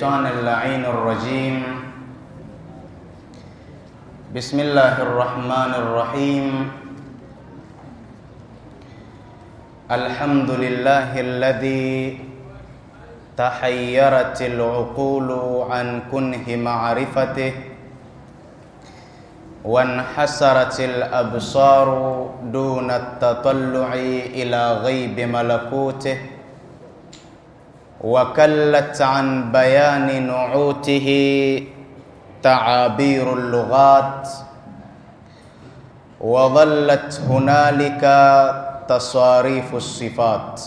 الشيطان اللعين الرجيم بسم الله الرحمن الرحيم الحمد لله الذي تحيرت العقول عن كنه معرفته وانحسرت الابصار دون التطلع الى غيب ملكوته وكلت عن بيان نعوته تعابير اللغات وظلت هنالك تصاريف الصفات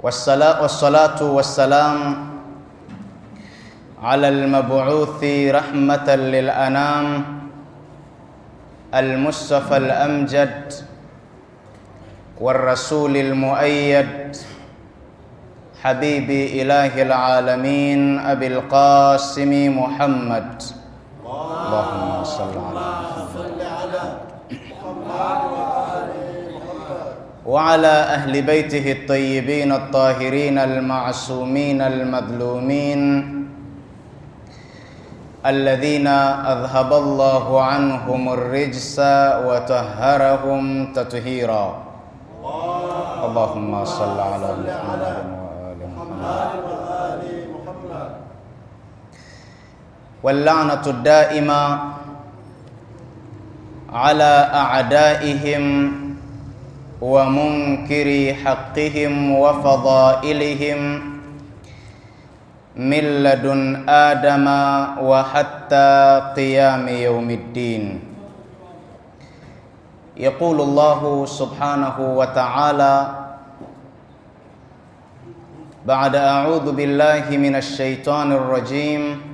والصلاة, والصلاة والسلام على المبعوث رحمة للأنام المصطفى الأمجد والرسول المؤيد حبيب إله العالمين أبي القاسم محمد اللهم صل على وعلى أهل بيته الطيبين الطاهرين المعصومين المظلومين الذين أذهب الله عنهم الرجس وطهرهم تطهيرا اللهم صل على محمد واللعنة الدائمة على أعدائهم ومنكر حقهم وفضائلهم من لدن آدم وحتى قيام يوم الدين يقول الله سبحانه وتعالى بعد أعوذ بالله من الشيطان الرجيم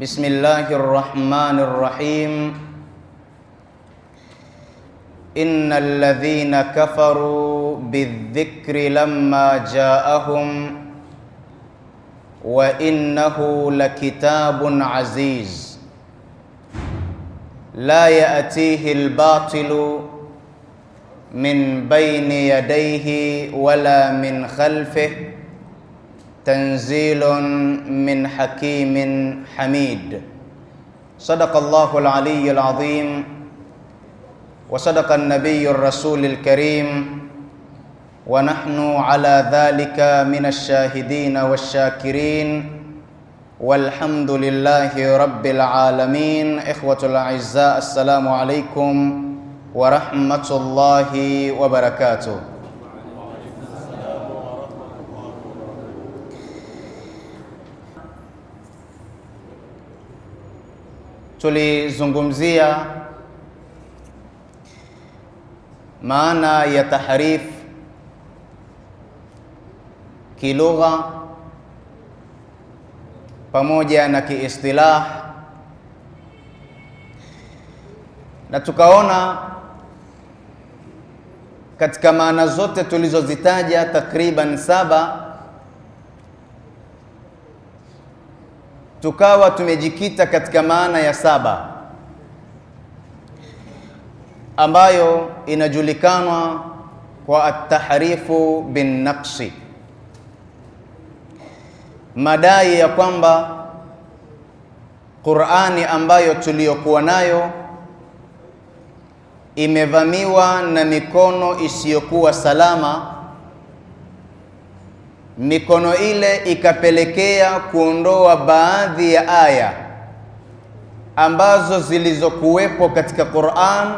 بسم الله الرحمن الرحيم إن الذين كفروا بالذكر لما جاءهم وإنه لكتاب عزيز لا يأتيه الباطل من بين يديه ولا من خلفه تنزيل من حكيم حميد صدق الله العلي العظيم وصدق النبي الرسول الكريم ونحن على ذلك من الشاهدين والشاكرين والحمد لله رب العالمين إخوة الأعزاء السلام عليكم ورحمة الله وبركاته tulizungumzia maana ya tahrif kilugha pamoja na kiistilah, na tukaona katika maana zote tulizozitaja takriban saba tukawa tumejikita katika maana ya saba ambayo inajulikanwa kwa atahrifu bin naqsi, madai ya kwamba Qur'ani ambayo tuliyokuwa nayo imevamiwa na mikono isiyokuwa salama mikono ile ikapelekea kuondoa baadhi ya aya ambazo zilizokuwepo katika Qur'an,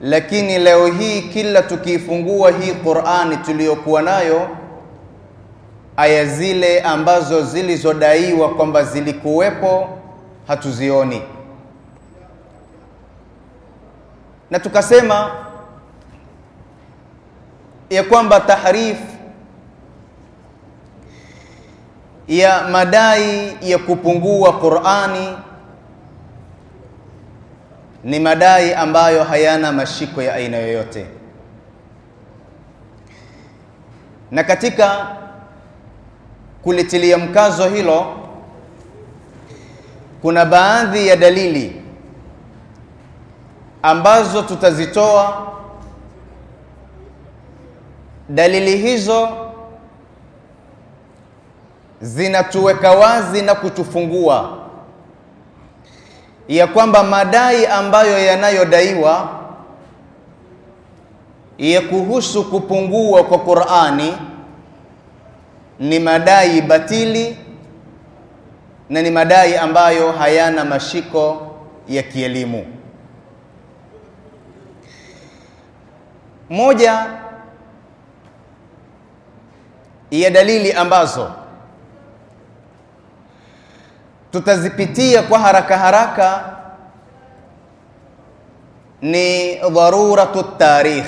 lakini leo hii kila tukiifungua hii Qur'ani tuliyokuwa nayo, aya zile ambazo zilizodaiwa kwamba zilikuwepo hatuzioni, na tukasema ya kwamba tahrifu ya madai ya kupungua Qur'ani ni madai ambayo hayana mashiko ya aina yoyote. Na katika kulitilia mkazo hilo, kuna baadhi ya dalili ambazo tutazitoa. Dalili hizo zinatuweka wazi na kutufungua ya kwamba madai ambayo yanayodaiwa ya kuhusu kupungua kwa Qur'ani ni madai batili na ni madai ambayo hayana mashiko ya kielimu. Moja ya dalili ambazo tutazipitia kwa haraka haraka ni dharuratu tarikh.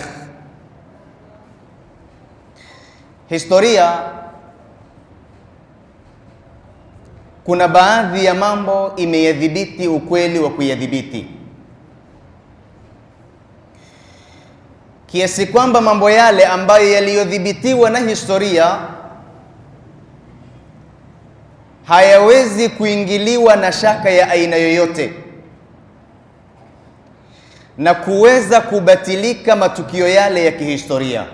Historia, kuna baadhi ya mambo imeyadhibiti ukweli wa kuyadhibiti kiasi kwamba mambo yale ambayo yaliyodhibitiwa na historia hayawezi kuingiliwa na shaka ya aina yoyote na kuweza kubatilika matukio yale ya kihistoria.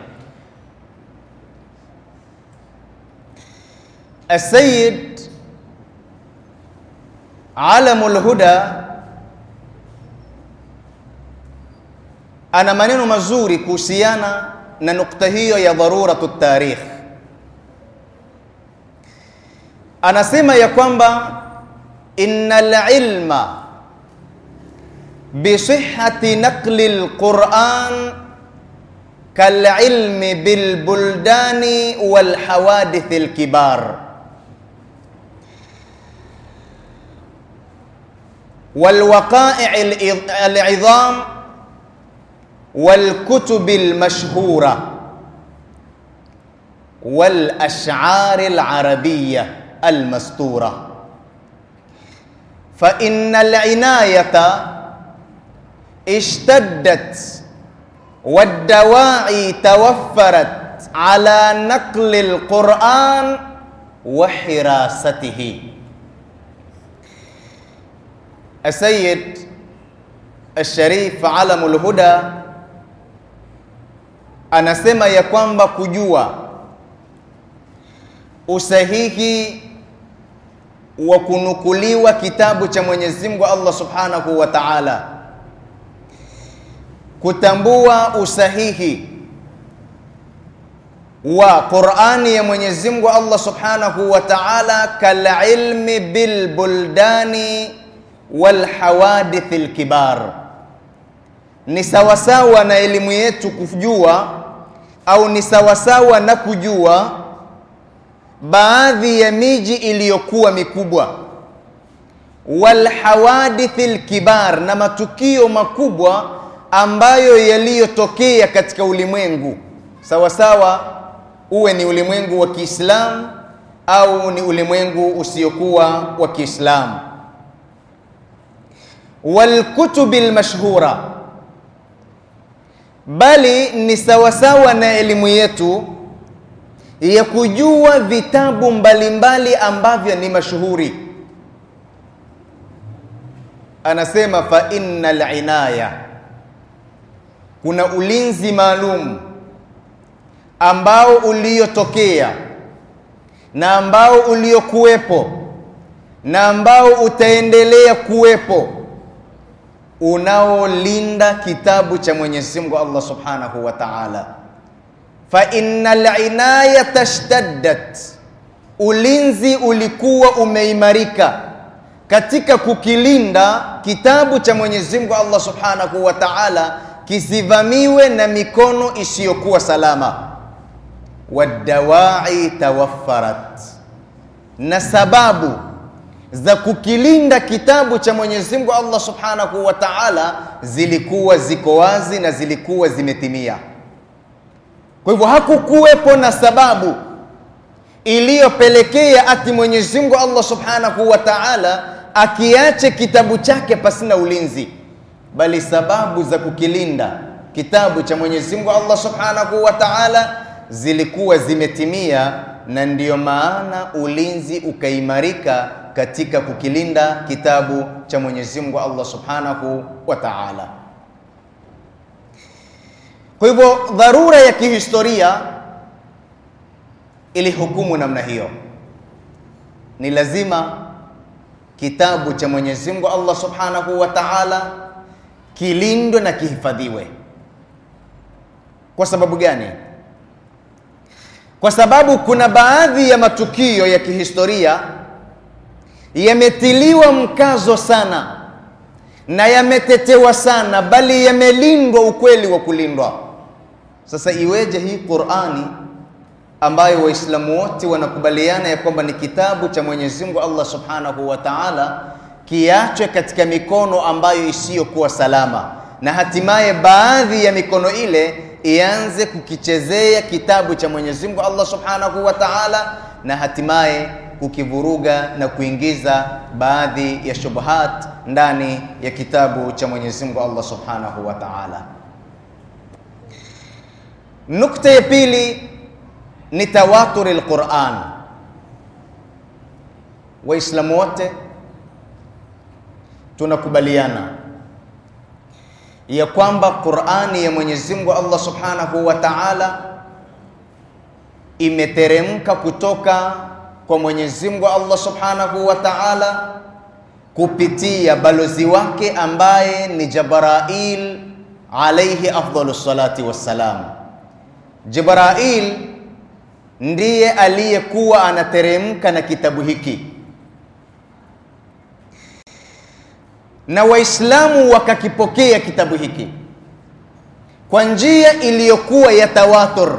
Asayid Alamul Huda ana maneno mazuri kuhusiana na nukta hiyo ya dharuratu tarikh. anasema ya kwamba innal ilma bisihhati naqli alquran kal ilmi bil buldani wal hawadith al kibar والوقائع العظام والكتب المشهوره والاشعار العربيه المستورة فإن العناية اشتدت والدواعي توفرت على نقل القرآن وحراسته السيد الشريف علم الهدى anasema ya kwamba kujua usahihi wa kunukuliwa kitabu cha Mwenyezi Mungu Allah Subhanahu wa Ta'ala, kutambua usahihi wa Qur'ani ya Mwenyezi Mungu Allah Subhanahu wa Ta'ala, kal ilmi bil buldani wal hawadith al kibar, ni sawasawa na elimu yetu kujua au ni sawasawa na kujua baadhi ya miji iliyokuwa mikubwa walhawadithi lkibar, na matukio makubwa ambayo yaliyotokea katika ulimwengu sawasawa, uwe ni ulimwengu wa Kiislamu au ni ulimwengu usiokuwa wa Kiislamu. Walkutubi lmashhura, bali ni sawasawa na elimu yetu ya kujua vitabu mbalimbali ambavyo ni mashuhuri. Anasema fa inna inaya, kuna ulinzi maalum ambao uliotokea na ambao uliokuwepo na ambao utaendelea kuwepo unaolinda kitabu cha Mwenyezi Mungu Allah Subhanahu wa Ta'ala fa innal inaya shtaddat, ulinzi ulikuwa umeimarika katika kukilinda kitabu cha Mwenyezi Mungu Allah Subhanahu wa Ta'ala kisivamiwe na mikono isiyokuwa salama. Wadawai tawaffarat, na sababu za kukilinda kitabu cha Mwenyezi Mungu Allah Subhanahu wa Ta'ala zilikuwa ziko wazi na zilikuwa zimetimia. Kwa hivyo hakukuwepo na sababu iliyopelekea ati Mwenyezi Mungu Allah Subhanahu wa Ta'ala akiache kitabu chake pasina ulinzi, bali sababu za kukilinda kitabu cha Mwenyezi Mungu Allah Subhanahu wa Ta'ala zilikuwa zimetimia, na ndiyo maana ulinzi ukaimarika katika kukilinda kitabu cha Mwenyezi Mungu Allah Subhanahu wa Ta'ala. Kwa hivyo dharura ya kihistoria ilihukumu namna hiyo. Ni lazima kitabu cha Mwenyezi Mungu Allah Subhanahu wa Ta'ala kilindwe na kihifadhiwe. Kwa sababu gani? Kwa sababu kuna baadhi ya matukio ya kihistoria yametiliwa mkazo sana na yametetewa sana, bali yamelindwa ukweli wa kulindwa. Sasa iweje hii Qur'ani ambayo Waislamu wote wanakubaliana ya kwamba ni kitabu cha Mwenyezi Mungu Allah Subhanahu wa Ta'ala kiachwe katika mikono ambayo isiyokuwa salama, na hatimaye baadhi ya mikono ile ianze kukichezea kitabu cha Mwenyezi Mungu Allah Subhanahu wa Ta'ala, na hatimaye kukivuruga na kuingiza baadhi ya shubuhat ndani ya kitabu cha Mwenyezi Mungu Allah Subhanahu wa Ta'ala. Nukta ya pili ni tawaturi lquran Waislamu wote tunakubaliana ya kwamba Qur'ani ya Mwenyezi Mungu Allah Subhanahu wa Ta'ala imeteremka kutoka kwa Mwenyezi Mungu Allah Subhanahu wa Ta'ala kupitia balozi wake ambaye ni Jabrail alayhi afdhalu salati wassalam. Jibrail ndiye aliyekuwa anateremka na kitabu hiki, na Waislamu wakakipokea kitabu hiki kwa njia iliyokuwa ya tawatur,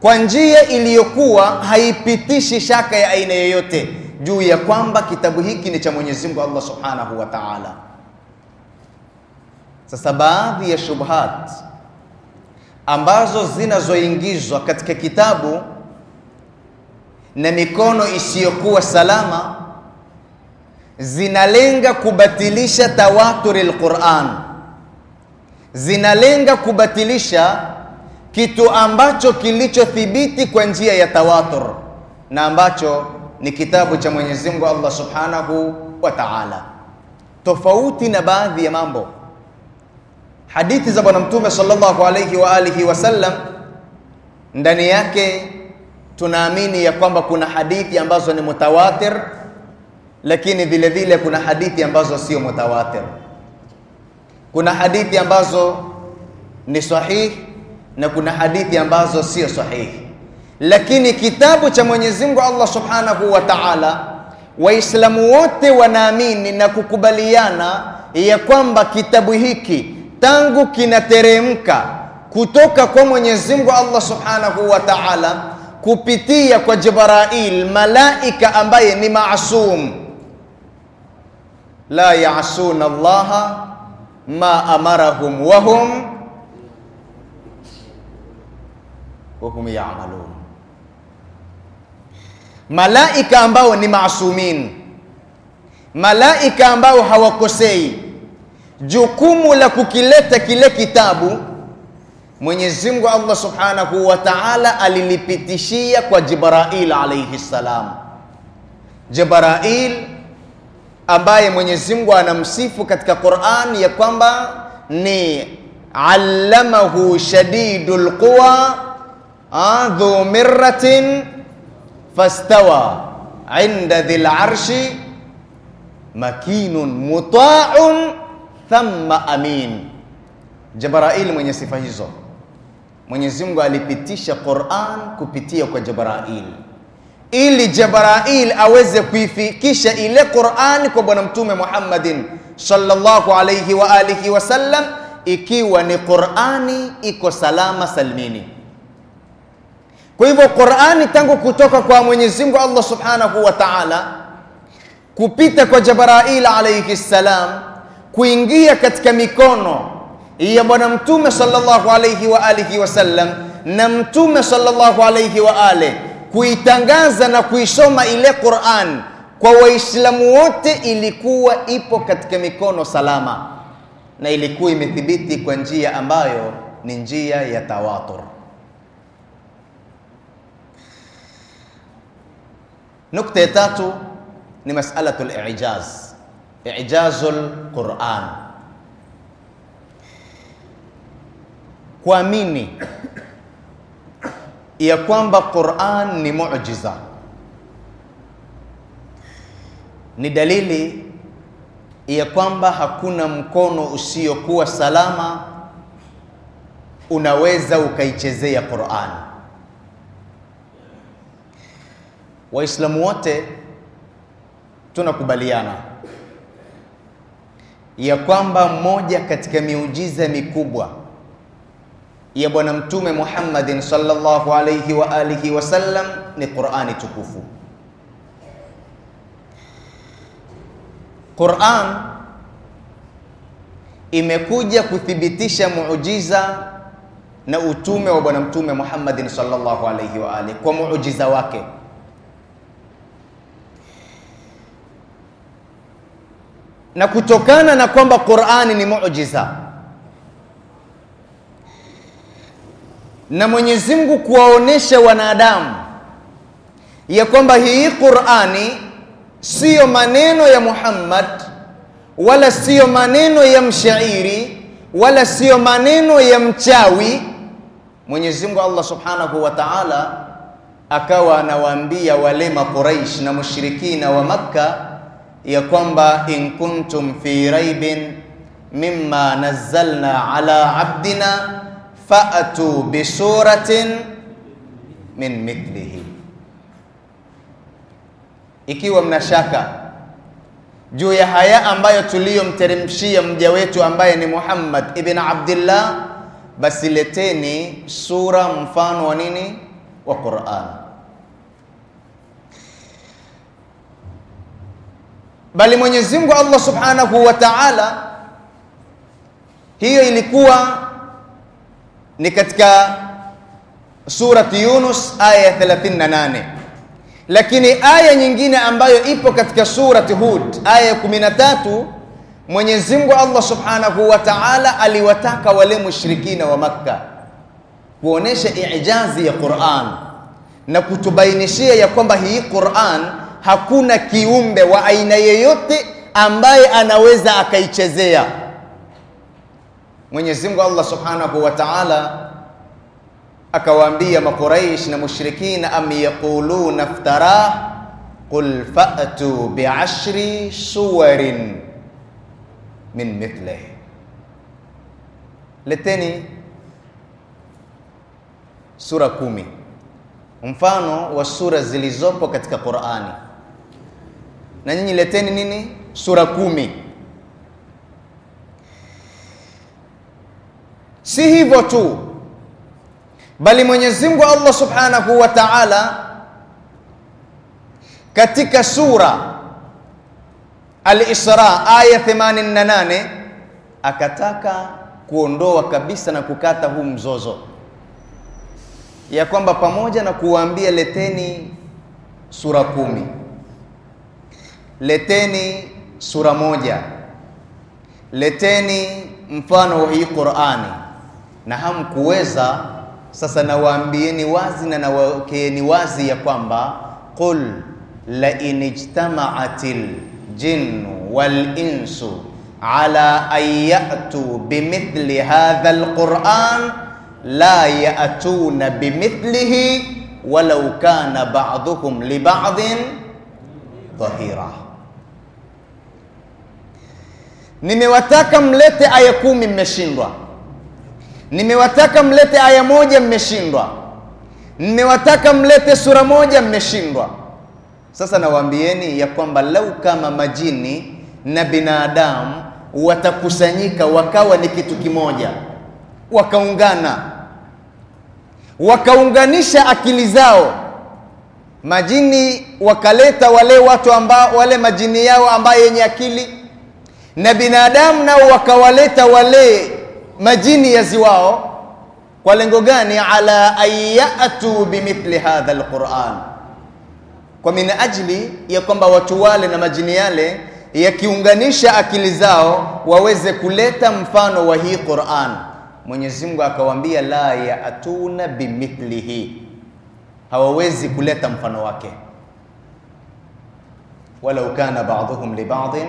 kwa njia iliyokuwa haipitishi shaka ya aina yoyote juu ya kwamba kitabu hiki ni cha Mwenyezi Mungu Allah Subhanahu wa Ta'ala. Sasa baadhi ya shubhat ambazo zinazoingizwa katika kitabu na mikono isiyokuwa salama zinalenga kubatilisha tawaturi lquran zinalenga kubatilisha kitu ambacho kilichothibiti kwa njia ya tawatur na ambacho ni kitabu cha Mwenyezi Mungu Allah Subhanahu wa Ta'ala, tofauti na baadhi ya mambo hadithi za bwana mtume sallallahu alayhi wa alihi wasallam ndani yake tunaamini ya kwamba kuna hadithi ambazo ni mutawatir lakini vile vile kuna hadithi ambazo sio mutawatir kuna hadithi ambazo ni sahihi na kuna hadithi ambazo sio sahihi lakini kitabu cha Mwenyezi Mungu Allah Subhanahu wa Ta'ala waislamu wote wanaamini na kukubaliana ya kwamba kitabu hiki tangu kinateremka kutoka kwa Mwenyezi Mungu Allah Subhanahu wa Ta'ala kupitia kwa Jibrail malaika ambaye ni maasum la yaasuna Allaha ma amarahum wahum hum ya'malun, malaika ambao ni maasumin, malaika ambao hawakosei jukumu la kukileta kile kitabu Mwenyezi Mungu Allah Subhanahu wa Ta'ala alilipitishia kwa Jibrail alayhi salam. Jibrail ambaye Mwenyezi Mungu anamsifu katika Qur'an ya kwamba ni allamahu shadidul quwa dhu mirratin fastawa inda dhil arshi makinun muta'un thamma amin. Jabrail mwenye sifa hizo, Mwenyezi Mungu alipitisha Qur'an kupitia kwa Jabrail ili Jabrail aweze kuifikisha ile Qur'an kwa Bwana Mtume Muhammadin sallallahu alayhi wa alihi wasallam, ikiwa ni Qur'ani iko salama salmini. Kwa hivyo Qur'ani tangu kutoka kwa Mwenyezi Mungu Allah subhanahu wa ta'ala kupita kwa Jabrail alayhi salam kuingia katika mikono ya Bwana Mtume sallallahu alayhi wa alihi wasallam na Mtume sallallahu alayhi wa ale kuitangaza na kuisoma ile Qur'an kwa Waislamu wote ilikuwa ipo katika mikono salama na ilikuwa imethibiti kwa njia ambayo ni njia ya tawatur. Nukta ya tatu ni masalatul ijaz ijazul Quran, kuamini ya kwamba Quran ni muujiza, ni dalili ya kwamba hakuna mkono usiokuwa salama unaweza ukaichezea Qur'an. Waislamu wote tunakubaliana ya kwamba mmoja katika miujiza mikubwa ya Bwana Mtume Muhammadin sallallahu alayhi wa alihi wasallam ni Qur'ani tukufu. Qur'an imekuja kuthibitisha muujiza na utume wa Bwana Mtume Muhammadin sallallahu alayhi wa alihi kwa muujiza wake na kutokana na kwamba Qur'ani ni muujiza na Mwenyezi Mungu kuwaonesha wanadamu ya kwamba hii Qur'ani siyo maneno ya Muhammad wala siyo maneno ya mshairi wala siyo maneno ya mchawi. Mwenyezi Mungu Allah Subhanahu wa Ta'ala akawa anawaambia wale Makuraish na mushrikina wa Makka ya kwamba in kuntum fi raibin mimma nazzalna ala abdina fa'atu bi suratin min mithlihi, ikiwa mnashaka juu ya haya ambayo tuliyomteremshia mja wetu ambaye ni Muhammad ibn Abdillah, basi leteni sura mfano wa nini wa Qur'an bali Mwenyezi Mungu Allah Subhanahu wa Ta'ala, hiyo ilikuwa ni katika surati Yunus aya ya 38, lakini aya nyingine ambayo ipo katika surati Hud aya ya 13, Mwenyezi Mungu Allah Subhanahu wa Ta'ala aliwataka wale mushrikina wa Makka kuonesha ijazi ya Qur'an na kutubainishia ya kwamba hii Qur'an hakuna kiumbe wa aina yeyote ambaye anaweza akaichezea. Mwenyezi Mungu Allah Subhanahu wa Ta'ala akawaambia Makuraish na mushrikina, am yaquluna iftara qul fa'tu bi'ashri suwarin min mithlihi, leteni sura kumi mfano wa sura zilizopo katika Qur'ani na nyinyi leteni nini sura kumi si hivyo tu bali Mwenyezi Mungu Allah Subhanahu wa Ta'ala katika sura Al-Isra aya 88 akataka kuondoa kabisa na kukata huu mzozo, ya kwamba pamoja na kuwaambia leteni sura kumi leteni sura moja, leteni mfano wa hii Qur'ani, na hamkuweza. Sasa nawaambieni wazi na nawakeeni wazi ya kwamba qul la in ijtama'atil jinnu wal insu ala an ya'tu bimithli hadha alquran la ya'tuna bimithlihi walau kana ba'dhukum li ba'dhin dhahira nimewataka mlete aya kumi, mmeshindwa. Nimewataka mlete aya moja, mmeshindwa. Nimewataka mlete sura moja, mmeshindwa. Sasa nawaambieni ya kwamba lau kama majini na binadamu watakusanyika wakawa ni kitu kimoja, wakaungana, wakaunganisha akili zao, majini wakaleta wale watu ambao, wale majini yao ambayo yenye akili na binadamu nao wakawaleta wale majini ya ziwao kwa lengo gani? ala an bimithli hadha alquran, kwa min ajli ya kwamba watu wale na majini yale yakiunganisha akili zao waweze kuleta mfano wa hii Quran. Mwenyezi Mungu akawaambia la yaatuna bimithlihi, hawawezi kuleta mfano wake, walau kana ba'dhuhum li baadhin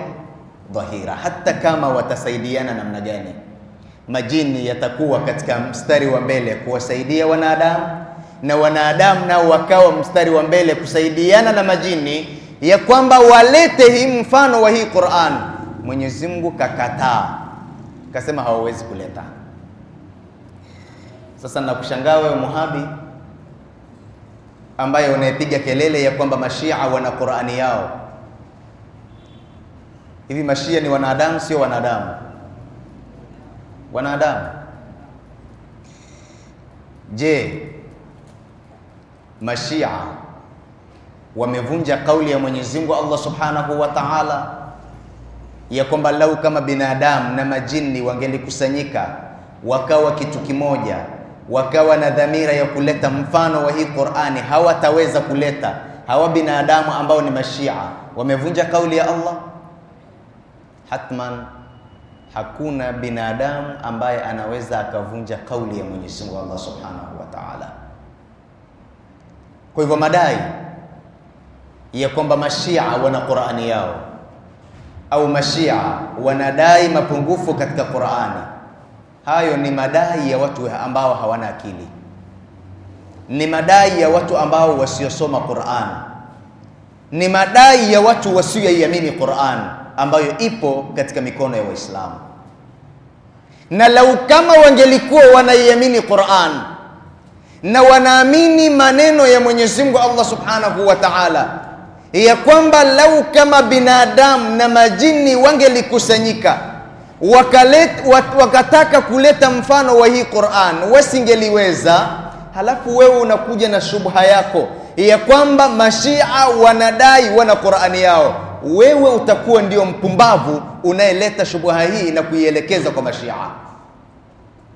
dhahira, hata kama watasaidiana namna gani, majini yatakuwa katika mstari wa mbele kuwasaidia wanadamu na wanadamu nao wakawa mstari wa mbele kusaidiana na majini, ya kwamba walete hii mfano wa hii Qur'an. Mwenyezi Mungu kakataa, kasema hawawezi kuleta. Sasa nakushangaa wewe muhabi ambaye unayepiga kelele ya kwamba mashia wana Qur'ani yao Hivi mashia ni wanadamu, sio wanadamu? Wanadamu. Je, mashia wamevunja kauli ya Mwenyezi Mungu Allah Subhanahu wa Ta'ala ya kwamba lau kama binadamu na majini wangelikusanyika wakawa kitu kimoja, wakawa na dhamira ya kuleta mfano wa hii Qur'ani, hawataweza kuleta. Hawa binadamu ambao ni mashia wamevunja kauli ya Allah hatman, hakuna binadamu ambaye anaweza akavunja kauli ya Mwenyezi Mungu Allah Subhanahu wa Ta'ala. Kwa hivyo madai ya kwamba mashia wana Qur'ani yao au mashia wanadai mapungufu katika Qur'ani, hayo ni madai ya watu ambao hawana akili, ni madai ya watu ambao wasiosoma Qur'an, ni madai ya watu wasioiamini Qur'ani ambayo ipo katika mikono ya Waislamu. Na lau kama wangelikuwa wanaiamini Qur'an na wanaamini maneno ya Mwenyezi Mungu Allah Subhanahu wa Ta'ala, ya kwamba lau kama binadamu na majini wangelikusanyika wakataka kuleta mfano wa hii Qur'an wasingeliweza. Halafu wewe unakuja na shubha yako ya kwamba mashia wanadai wana Qur'ani yao wewe utakuwa ndio mpumbavu unayeleta shubuha hii na kuielekeza kwa mashia.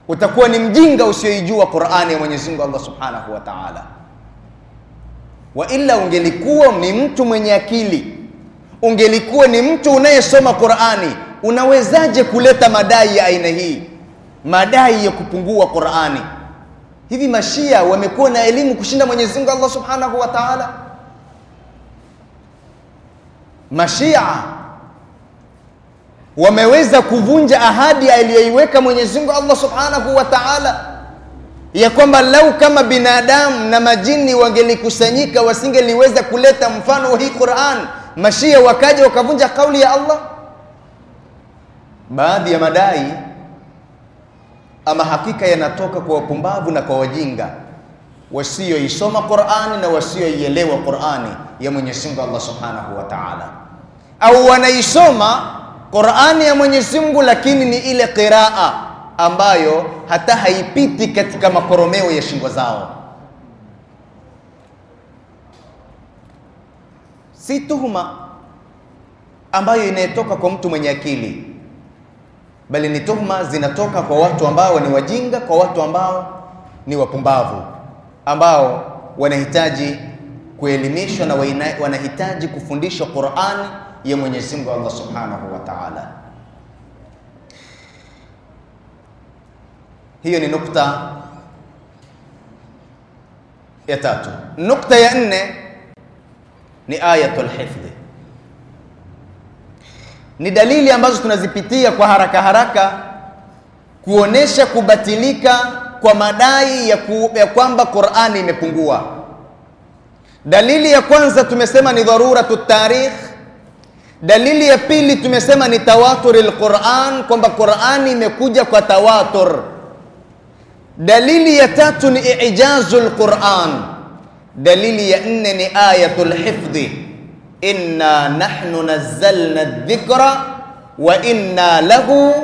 Utakuwa ni mjinga usioijua Qur'ani ya Mwenyezi Mungu Allah Subhanahu wa Ta'ala. Wa illa ungelikuwa ni mtu mwenye akili, ungelikuwa ni mtu unayesoma Qur'ani, unawezaje kuleta madai ya aina hii? Madai ya kupungua Qur'ani. Hivi mashia wamekuwa na elimu kushinda Mwenyezi Mungu Allah Subhanahu wa Ta'ala? Mashia wameweza kuvunja ahadi aliyoiweka Mwenyezi Mungu Allah Subhanahu wa Ta'ala ya kwamba lau kama binadamu na majini wangelikusanyika wasingeliweza kuleta mfano wa hii Qur'an. Mashia wakaja wakavunja kauli ya Allah. Baadhi ya madai ama hakika yanatoka kwa wapumbavu na kwa wajinga wasiyoisoma Qur'ani na wasioielewa Qur'ani ya Mwenyezi Mungu Allah Subhanahu wa Ta'ala, au wanaisoma Qur'ani ya Mwenyezi Mungu lakini ni ile qiraa ambayo hata haipiti katika makoromeo ya shingo zao. Si tuhuma ambayo inayotoka kwa mtu mwenye akili, bali ni tuhuma zinatoka kwa watu ambao ni wajinga, kwa watu ambao ni wapumbavu ambao wanahitaji kuelimishwa na wanahitaji kufundishwa Qur'ani ya Mwenyezi Mungu Allah Subhanahu wa Ta'ala. Hiyo ni nukta ya tatu. Nukta ya nne ni ayatul hifdhi. Ni dalili ambazo tunazipitia kwa haraka haraka kuonesha kubatilika kwa madai ya, ku, kwamba Qur'ani imepungua. Dalili ya kwanza tumesema ni dharura tu tarikh. Dalili ya pili tumesema ni tawaturil Qur'an, kwamba Qur'ani imekuja kwa tawatur. Dalili ya tatu ni ijazul Qur'an. Dalili ya nne ni ayatul hifdhi, inna nahnu nazzalna adh dhikra wa inna lahu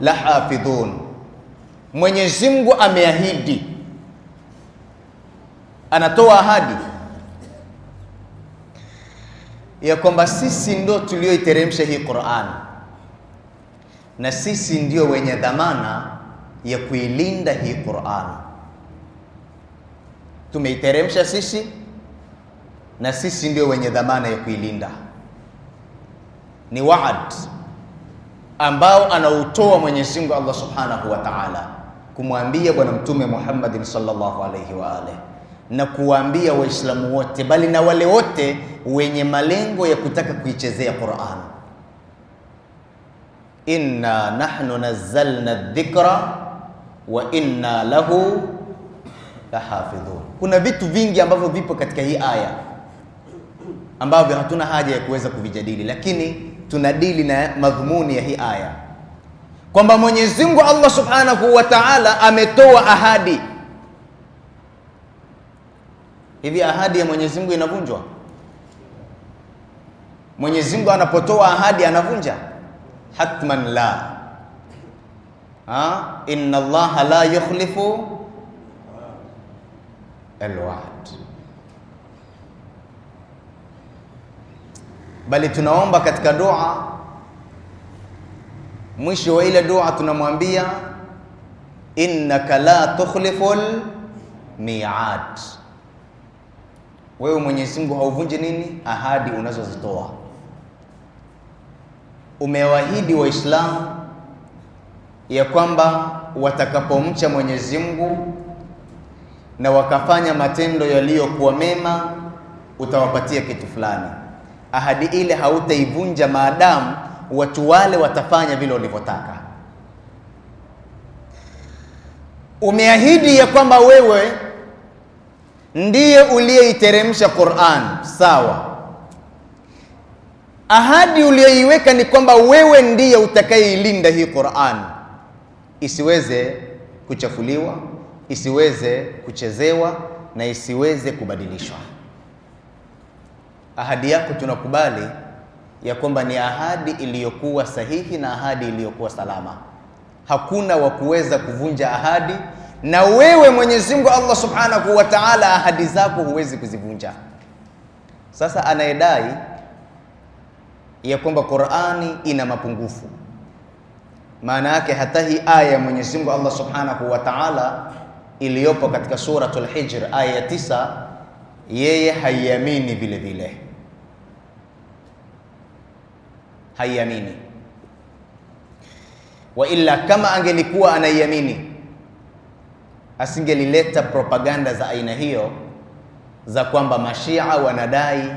lahafidhun. Mwenyezi Mungu ameahidi, anatoa ahadi ya kwamba sisi ndio tulioiteremsha hii Qur'an na sisi ndio wenye dhamana ya kuilinda hii Qur'an. Tumeiteremsha sisi na sisi ndio wenye dhamana ya kuilinda. Ni waad ambao anautoa Mwenyezi Mungu Allah Subhanahu wa Ta'ala kumwambia Bwana Mtume Muhammadin sallallahu alaihi wa alihi na kuwaambia Waislamu wote bali na wale wote wenye malengo ya kutaka kuichezea Qur'an, inna nahnu nazzalna dhikra wa inna lahu lahafidhun. Kuna vitu vingi ambavyo vipo katika hii aya ambavyo hatuna haja ya kuweza kuvijadili, lakini tunadili na madhumuni ya hii aya kwamba Mwenyezi Mungu Allah Subhanahu wa Ta'ala ametoa ahadi. Hivi ahadi ya Mwenyezi Mungu inavunjwa? Mwenyezi Mungu anapotoa ahadi anavunja? Hatman la. Ha? Inna Allah la yukhlifu alwa'd. Bali tunaomba katika dua Mwisho wa ile dua tunamwambia innaka la tukhliful miad, wewe Mwenyezi Mungu hauvunji nini ahadi unazozitoa. Umewahidi Waislamu ya kwamba watakapomcha Mwenyezi Mungu na wakafanya matendo yaliyokuwa mema utawapatia kitu fulani. Ahadi ile hautaivunja maadamu watu wale watafanya vile ulivyotaka. Umeahidi ya kwamba wewe ndiye uliyeiteremsha Qur'an, sawa. Ahadi uliyoiweka ni kwamba wewe ndiye utakayeilinda hii Qur'an isiweze kuchafuliwa, isiweze kuchezewa na isiweze kubadilishwa. Ahadi yako tunakubali ya kwamba ni ahadi iliyokuwa sahihi na ahadi iliyokuwa salama. Hakuna wa kuweza kuvunja ahadi, na wewe Mwenyezi Mungu Allah Subhanahu wa Ta'ala, ahadi zako huwezi kuzivunja. Sasa anayedai ya kwamba Qur'ani ina mapungufu, maana yake hata hii aya ya Mwenyezi Mungu Allah Subhanahu wa Ta'ala iliyopo katika suratul Hijr aya ya 9 yeye haiamini vile vile haiamini wa illa kama angelikuwa anaiamini asingelileta propaganda za aina hiyo za kwamba mashia wanadai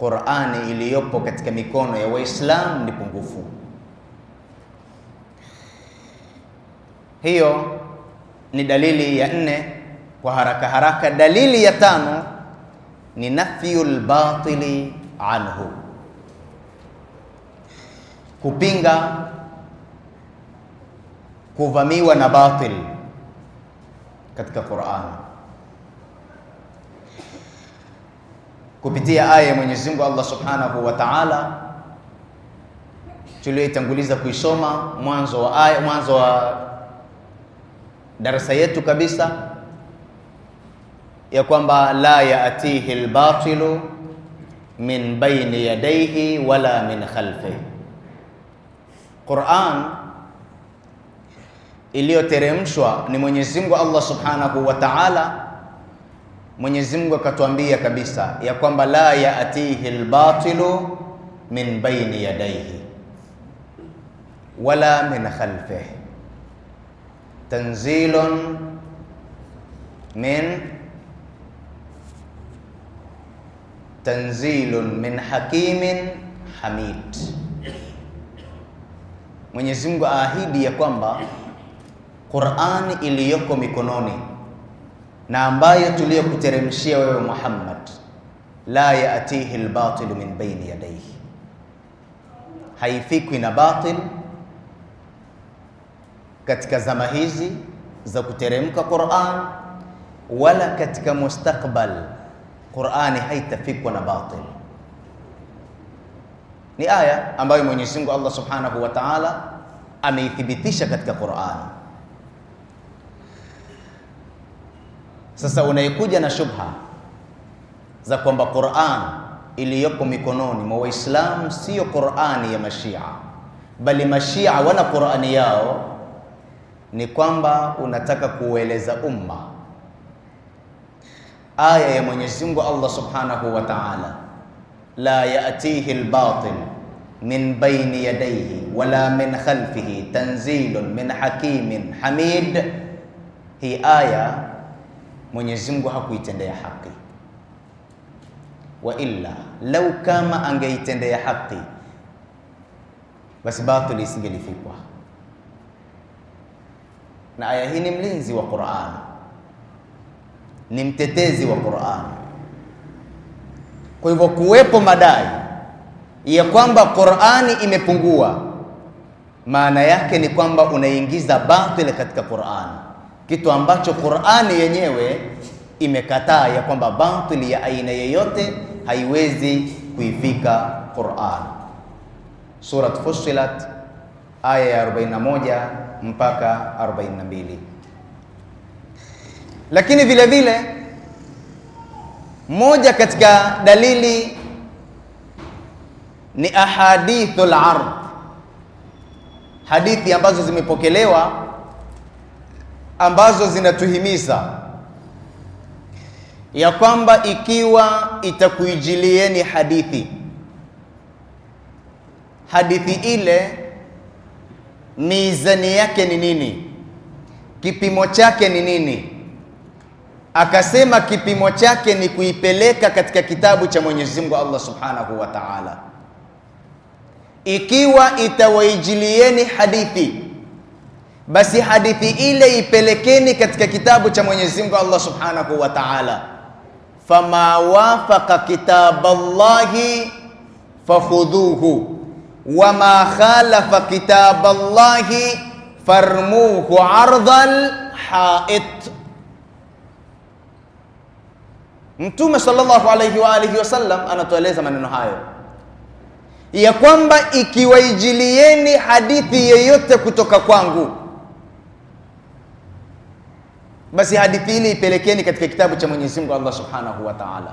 Qur'ani iliyopo katika mikono ya Waislamu ni pungufu. Hiyo ni dalili ya nne kwa haraka haraka. Dalili ya tano ni nafyul batili anhu kupinga kuvamiwa na batil katika Qur'an kupitia aya ya Mwenyezi Mungu Allah Subhanahu wa Ta'ala tuliyoitanguliza kuisoma mwanzo wa aya mwanzo wa darasa yetu kabisa ya kwamba la yaatihi lbatilu min baini yadayhi wala min khalfihi Qur'an iliyoteremshwa ni Mwenyezi Mungu Allah Subhanahu wa Ta'ala. Mwenyezi Mungu akatuambia kabisa ya kwamba la yaatihi albatilu min baini yadayhi wala min khalfihi tanzilun min tanzilun min hakimin hamid Mwenyezi Mungu aahidi ya kwamba Qur'ani iliyoko mikononi na ambayo tuliyokuteremshia wewe Muhammad, la yaatihi albatil min baini yadayhi, haifikwi na batil katika zama hizi za kuteremka Qur'an, wala katika mustakbal Qur'ani haitafikwa na batil ni aya ambayo Mwenyezi Mungu Allah Subhanahu wa Ta'ala ameithibitisha katika Qur'an. Sasa unaikuja na shubha za kwamba Qur'an iliyopo mikononi mwa Waislamu siyo Qur'ani ya Mashia, bali Mashia wana Qur'ani yao. Ni kwamba unataka kuueleza umma aya ya Mwenyezi Mungu Allah Subhanahu wa Ta'ala la yatihi albatil min baini yadayhi wala min khalfihi tanzilun min hakimin hamid. Hii aya Mwenyezi Mungu hakuitendea haki, wa illa lau kama angeitendea haki basi batil isingelifikwa. Na aya hii ni mlinzi wa Qur'an, ni mtetezi wa qurani kwa hivyo kuwepo madai ya kwamba Qur'ani imepungua, maana yake ni kwamba unaingiza batili katika Qur'ani, kitu ambacho Qur'ani yenyewe imekataa ya kwamba batili ya aina yoyote haiwezi kuifika Qur'an. Surat Fussilat aya ya 41 mpaka 42. Lakini vile vile moja katika dalili ni ahadithul ard, hadithi ambazo zimepokelewa ambazo zinatuhimiza ya kwamba ikiwa itakuijilieni hadithi, hadithi ile mizani yake ni nini? Kipimo chake ni nini? akasema kipimo chake ni kuipeleka katika kitabu cha Mwenyezi Mungu Allah Subhanahu wa Ta'ala. Ikiwa itawaijilieni hadithi, basi hadithi ile ipelekeni katika kitabu cha Mwenyezi Mungu Allah Subhanahu wa Ta'ala. Fama wafaqa kitaballahi fakhudhuhu wama khalafa kitaballahi farmuhu ardhal hait Mtume sallallahu alayhi wa alihi wasallam anatueleza maneno hayo ya kwamba ikiwaijilieni hadithi yeyote kutoka kwangu, basi hadithi hili ipelekeni katika kitabu cha Mwenyezi Mungu Allah Subhanahu wa Ta'ala.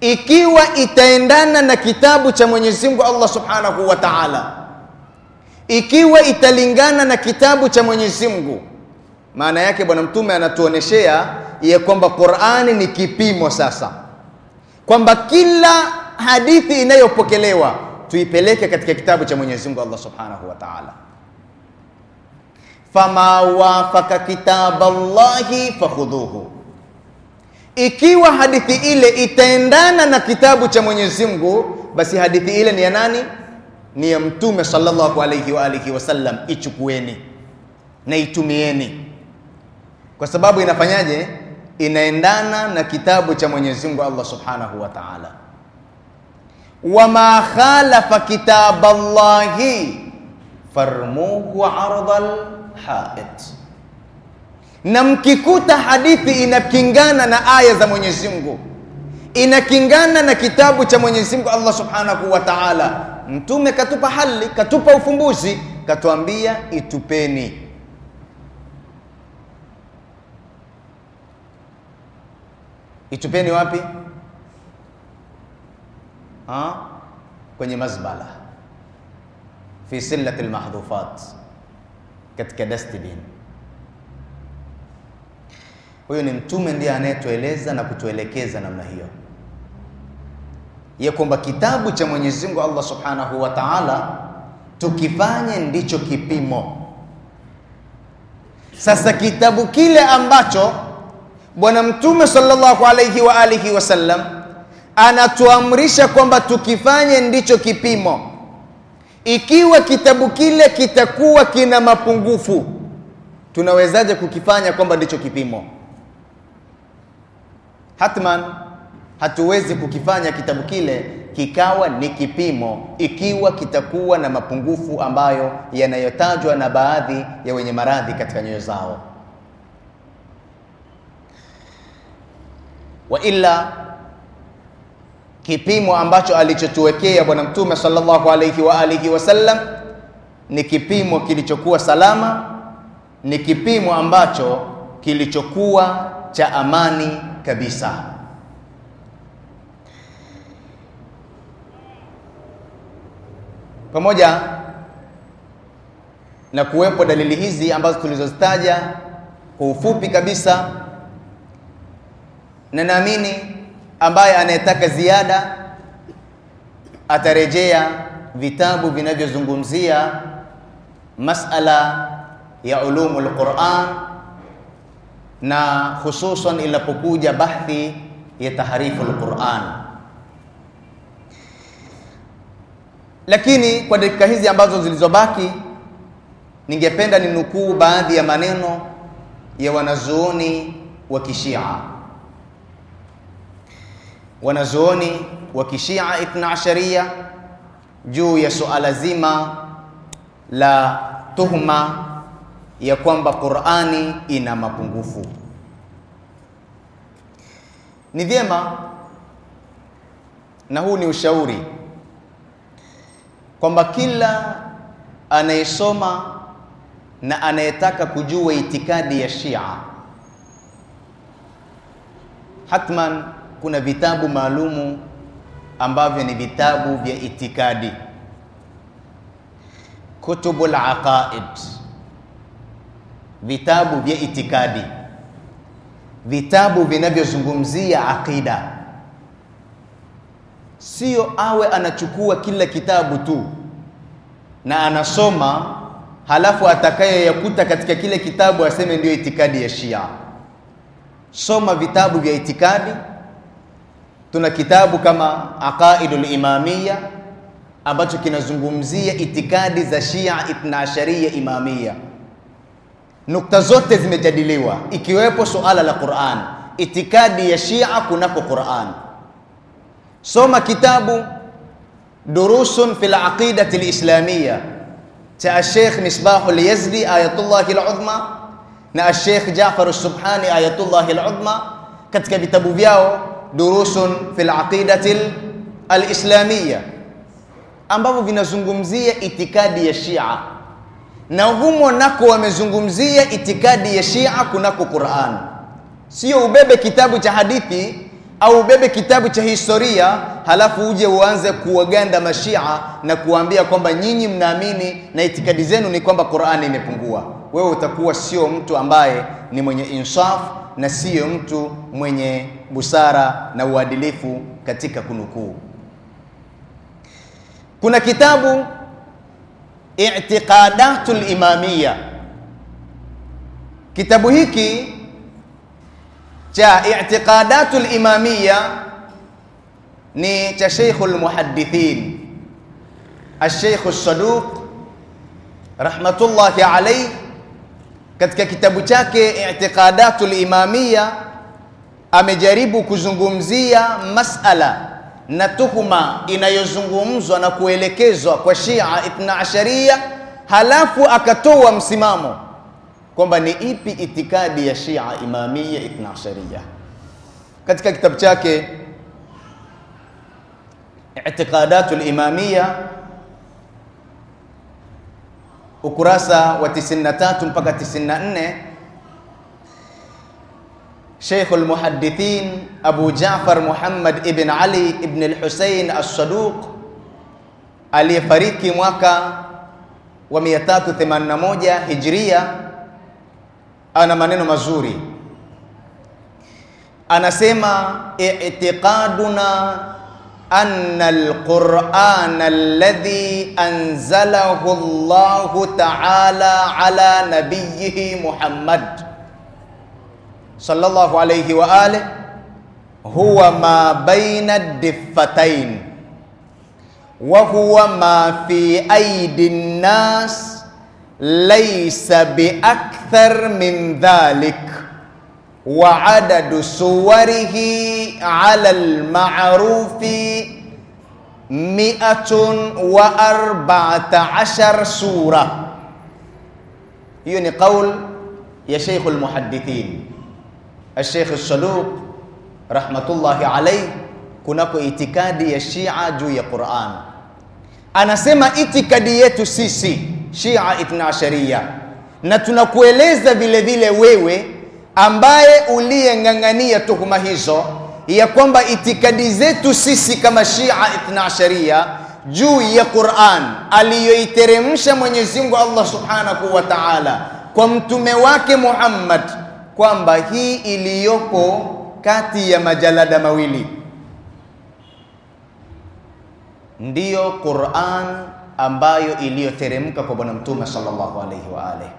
Ikiwa itaendana na kitabu cha Mwenyezi Mungu Allah Subhanahu wa Ta'ala, ikiwa italingana na kitabu cha Mwenyezi Mungu, maana yake bwana mtume anatuoneshea ya kwamba Qur'ani ni kipimo sasa, kwamba kila hadithi inayopokelewa tuipeleke katika kitabu cha Mwenyezi Mungu Allah Subhanahu wa Ta'ala. Fama wafaka kitaballahi fakhudhuhu, ikiwa hadithi ile itaendana na kitabu cha Mwenyezi Mungu, basi hadithi ile ni ya nani? Ni ya Mtume sallallahu alayhi wa alihi wasallam. Ichukueni na itumieni, kwa sababu inafanyaje? inaendana na kitabu cha Mwenyezi Mungu Allah Subhanahu wa Ta'ala. Wama khalafa kitaballahi farmuhu ardal hait, na mkikuta hadithi inakingana na aya za Mwenyezi Mungu, inakingana na kitabu cha Mwenyezi Mungu Allah Subhanahu wa Ta'ala, Mtume katupa hali, katupa ufumbuzi, katuambia itupeni itupeni wapi? Ha? Kwenye mazbala, fi sillati lmahdhufat, katika dustbin. Huyo ni Mtume ndiye anayetueleza na kutuelekeza namna hiyo ya kwamba kitabu cha Mwenyezi Mungu Allah Subhanahu wa Ta'ala tukifanye ndicho kipimo. Sasa kitabu kile ambacho Bwana Mtume sallallahu alayhi wa alihi wasallam anatuamrisha kwamba tukifanye ndicho kipimo. Ikiwa kitabu kile kitakuwa kina mapungufu, tunawezaje kukifanya kwamba ndicho kipimo? Hatman, hatuwezi kukifanya kitabu kile kikawa ni kipimo ikiwa kitakuwa na mapungufu ambayo yanayotajwa na baadhi ya wenye maradhi katika nyoyo zao. wa illa kipimo ambacho alichotuwekea Bwana Mtume sallallahu alayhi wa alihi wasallam ni kipimo kilichokuwa salama, ni kipimo ambacho kilichokuwa cha amani kabisa. Pamoja na kuwepo dalili hizi ambazo tulizozitaja kwa ufupi kabisa na naamini ambaye anayetaka ziada atarejea vitabu vinavyozungumzia masala ya ulumu Quran na hususan ilapokuja bahthi ya tahriful Quran. Lakini kwa dakika hizi ambazo zilizobaki, ningependa ninukuu baadhi ya maneno ya wanazuoni wa Kishia wanazuoni wa kishia Ithna Asharia juu ya suala zima la tuhma ya kwamba Qur'ani ina mapungufu. Ni vyema na huu ni ushauri kwamba kila anayesoma na anayetaka kujua itikadi ya Shia hatman kuna vitabu maalumu ambavyo ni vitabu vya itikadi, kutubul aqaid, vitabu vya itikadi, vitabu vinavyozungumzia aqida. Sio awe anachukua kila kitabu tu na anasoma halafu atakayoyakuta katika kile kitabu aseme ndio itikadi ya Shia. Soma vitabu vya itikadi Tuna kitabu kama Aqaidul Imamia ambacho kinazungumzia itikadi za Shia Ithnaashariya Imamia. Nukta zote zimejadiliwa, ikiwepo suala la Quran, itikadi ya Shia kunako Quran. Soma kitabu Durusun fil Aqidati Lislamia cha Sheikh Misbahul Yazdi Ayatullahi Aluzma na Sheikh jafar Subhani Ayatullahi Aluzma, katika vitabu vyao durusun fil aqidatil alislamia ambavyo vinazungumzia itikadi ya Shia na humo nako wamezungumzia itikadi ya Shia kunako Qur'an, sio ubebe kitabu cha hadithi au ubebe kitabu cha historia halafu uje uanze kuwaganda mashia na kuwaambia kwamba nyinyi mnaamini na itikadi zenu ni kwamba Qur'ani imepungua. Wewe utakuwa sio mtu ambaye ni mwenye insaf na siyo mtu mwenye busara na uadilifu katika kunukuu. Kuna kitabu I'tiqadatul Imamia. Kitabu hiki cha I'tiqadatul Imamia ni cha Sheikhul Muhaddithin al saduq rahmatullahi alayhi katika kitabu chake I'tiqadatul Imamia amejaribu kuzungumzia masala na tuhuma inayozungumzwa na kuelekezwa kwa Shia Ithna Asharia, halafu akatoa msimamo kwamba ni ipi itikadi ya Shia Imamia Ithna Asharia. Katika kitabu chake I'tiqadatul limamiya ukurasa wa 93 mpaka 94 Sheikh al-Muhaddithin Abu Jaafar Muhammad ibn Ali ibn al-Husayn as-Saduq aliyefariki mwaka wa 381 Hijria ana maneno mazuri anasema i'tiqaduna أن القرآن الذي أنزله الله تعالى على نبيه محمد صلى الله عليه وآله هو ما بين الدفتين وهو ما في أيدي الناس ليس بأكثر من ذلك وعدد صوره على المعروف مئة وأربعة عشر سورة يوني قول يا شيخ المحدثين الشيخ الصدوق رحمة الله عليه كناكو اتكادي يا شيعة جو يا قرآن أنا سيما اتكادي سيسي شيعة اتنا شرية na tunakueleza بلذي لويوي ambaye uliyeng'ang'ania tuhuma hizo ya kwamba itikadi zetu sisi kama Shia Asharia juu ya Qur'an aliyoiteremsha Mwenyezi Mungu Allah Subhanahu wa Ta'ala kwa mtume wake Muhammad kwamba hii iliyoko kati ya majalada mawili ndiyo Qur'an ambayo iliyoteremka kwa Bwana Mtume sallallahu alayhi wa alihi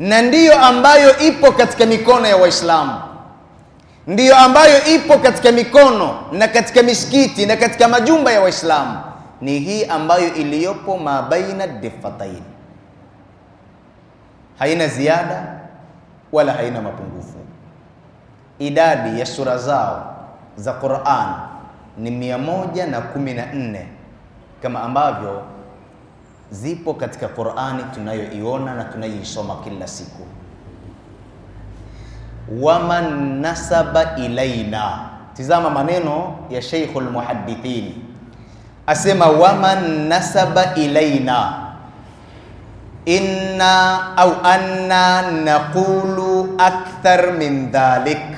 na ndiyo ambayo ipo katika mikono ya Waislamu, ndiyo ambayo ipo katika mikono na katika misikiti na katika majumba ya Waislamu ni hii ambayo iliyopo mabaina dhifatain, haina ziada wala haina mapungufu. Idadi ya sura zao za Qur'an ni 114 kama ambavyo zipo katika Qur'ani tunayoiona na tunayoisoma kila siku. Waman nasaba ilaina, tizama maneno ya Sheikhul Muhaddithin asema, waman nasaba ilaina inna au anna naqulu akthar min dhalik,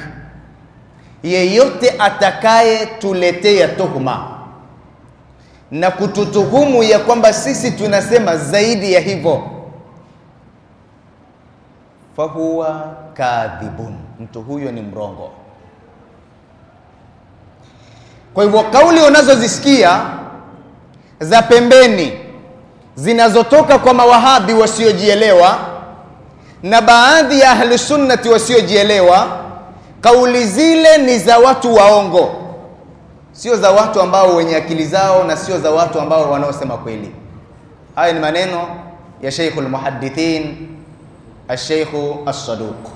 yeyote atakaye tuletea tuhuma na kututuhumu ya kwamba sisi tunasema zaidi ya hivyo, fahuwa kadhibun, mtu huyo ni mrongo. Kwa hivyo kauli unazozisikia za pembeni zinazotoka kwa mawahabi wasiojielewa na baadhi ya ahlusunnati wasiojielewa, kauli zile ni za watu waongo sio za watu ambao wenye akili zao na sio za watu ambao wanaosema kweli. Haya ni maneno ya Sheikh al-Muhaddithin Al-Sheikh As-Saduq.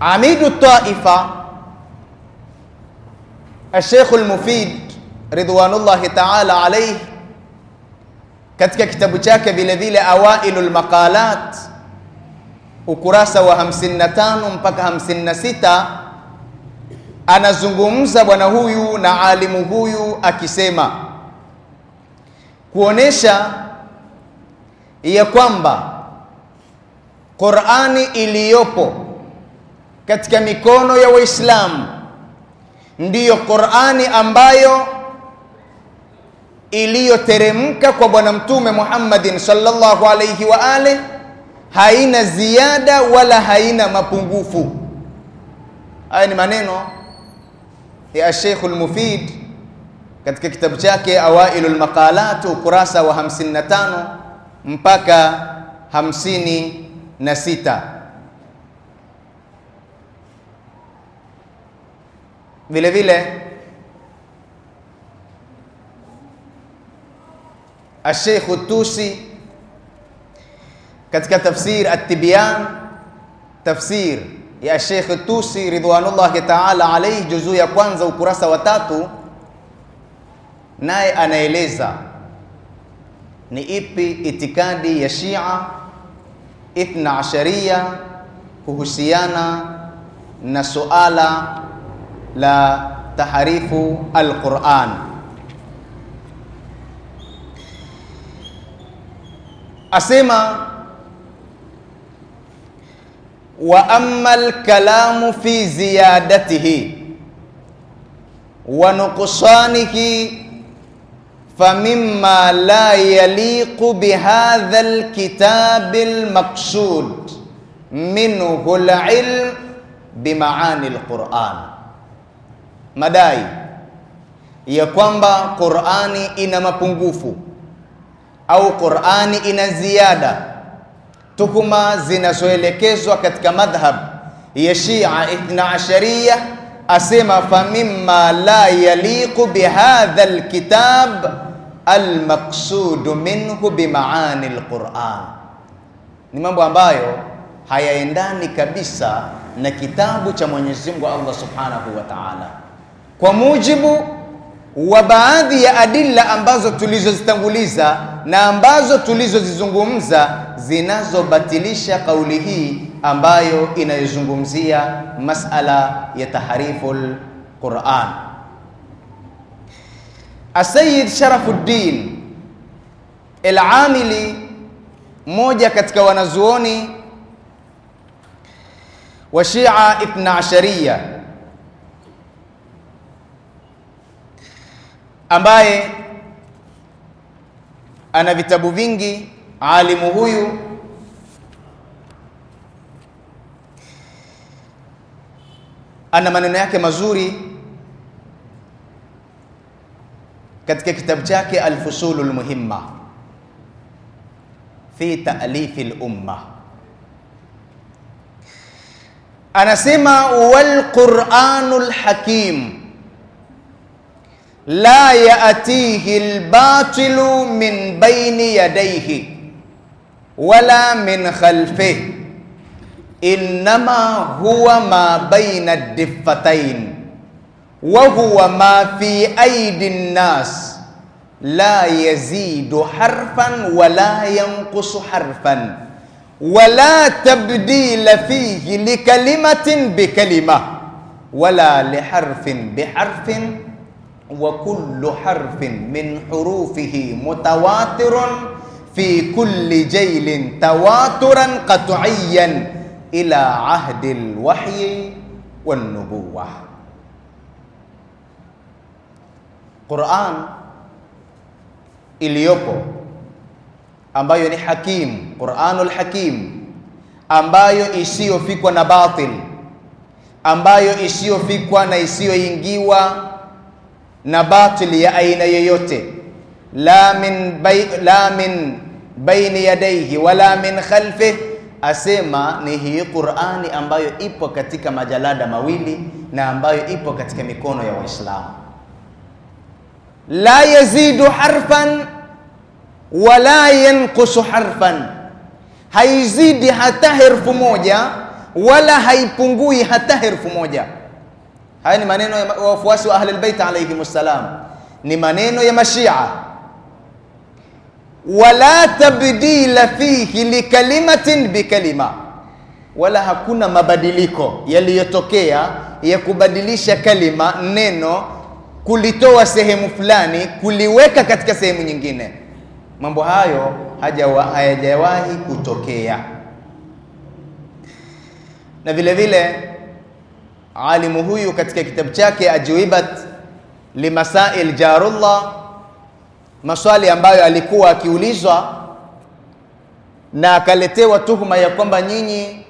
Amidu Taifa Al-Sheikh Al-Mufid ridwanullahi ta'ala alayhi katika kitabu chake vile vile Awailul Maqalat ukurasa wa 55 mpaka 56 Anazungumza bwana huyu na alimu huyu akisema kuonesha ya kwamba Qur'ani iliyopo katika mikono ya Waislamu ndiyo Qur'ani ambayo iliyoteremka kwa Bwana Mtume Muhammadin sallallahu alayhi wa ali, haina ziada wala haina mapungufu. Haya ni maneno يا الشيخ المفيد كتك كتب شاكي أوائل المقالات وكراسة وهمسين نتانو مباكا همسيني نسيتا vile vile الشيخ التوسي katika تفسير التبيان تفسير ya Sheikh Tusi ridwanullahi taala alaihi, juzuu ya kwanza ukurasa wa tatu, naye anaeleza ni ipi itikadi ya Shia Ithna ashariya kuhusiana na suala la taharifu alquran Asema wa amma alkalamu fi ziyadatihi wa nuqsanihi فمما لا يليق بهذا الكتاب المقصود منه العلم بمعاني القرآن madai ya kwamba Qur'ani ina mapungufu au Qur'ani ina ziada tuhuma zinazoelekezwa katika madhhab ya Shia Ithna Ashariya, asema famimma la yaliqu bihadha alkitab almaqsudu minhu bimaani alquran, ni mambo ambayo hayaendani kabisa na kitabu cha Mwenyezi Mungu Allah Subhanahu wa Ta'ala, kwa mujibu wa baadhi ya adilla ambazo tulizozitanguliza na ambazo tulizozizungumza zinazobatilisha kauli hii ambayo inayozungumzia masala ya tahariful Quran. Asayid Sharafuddin Al-Amili, mmoja katika wanazuoni wa Shia Ithna Ashariya ambaye ana vitabu vingi alimu huyu ana maneno yake mazuri katika kitabu chake Al-Fusulul Muhimma fi ta'lifi al-umma anasema wal Qur'anul Hakim لا يأتيه الباطل من بين يديه ولا من خلفه إنما هو ما بين الدفتين وهو ما في أيدي الناس لا يزيد حرفا ولا ينقص حرفا ولا تبديل فيه لكلمة بكلمة ولا لحرف بحرف وكل حرف من حروفه متواتر في كل جيل تواترا قطعيا إلى عهد الوحي والنبوة Quran iliyopo ambayo ni hakim, Quranul Hakim, ambayo isiyofikwa na batil, ambayo isiyofikwa na isiyoingiwa na batili ya aina yoyote, la min, bay, la min baini yadaihi wala min khalfi, asema ni hii Qur'ani ambayo ipo katika majalada mawili na ambayo ipo katika mikono ya Waislamu. La yazidu harfan wala yanqusu harfan, haizidi hata herfu moja wala haipungui hata herfu moja. Haya ni maneno ya wafuasi wa Ahlul Bait alayhimsalam, ni maneno ya Mashia. Wala tabdila fihi likalimatin bikalima, wala hakuna mabadiliko yaliyotokea ya kubadilisha kalima, neno, kulitoa sehemu fulani kuliweka katika sehemu nyingine. Mambo hayo hayajawahi kutokea, na vile vile alimu huyu katika kitabu chake ajwibat limasail Jarullah, maswali ambayo alikuwa akiulizwa na akaletewa tuhuma ya kwamba nyinyi,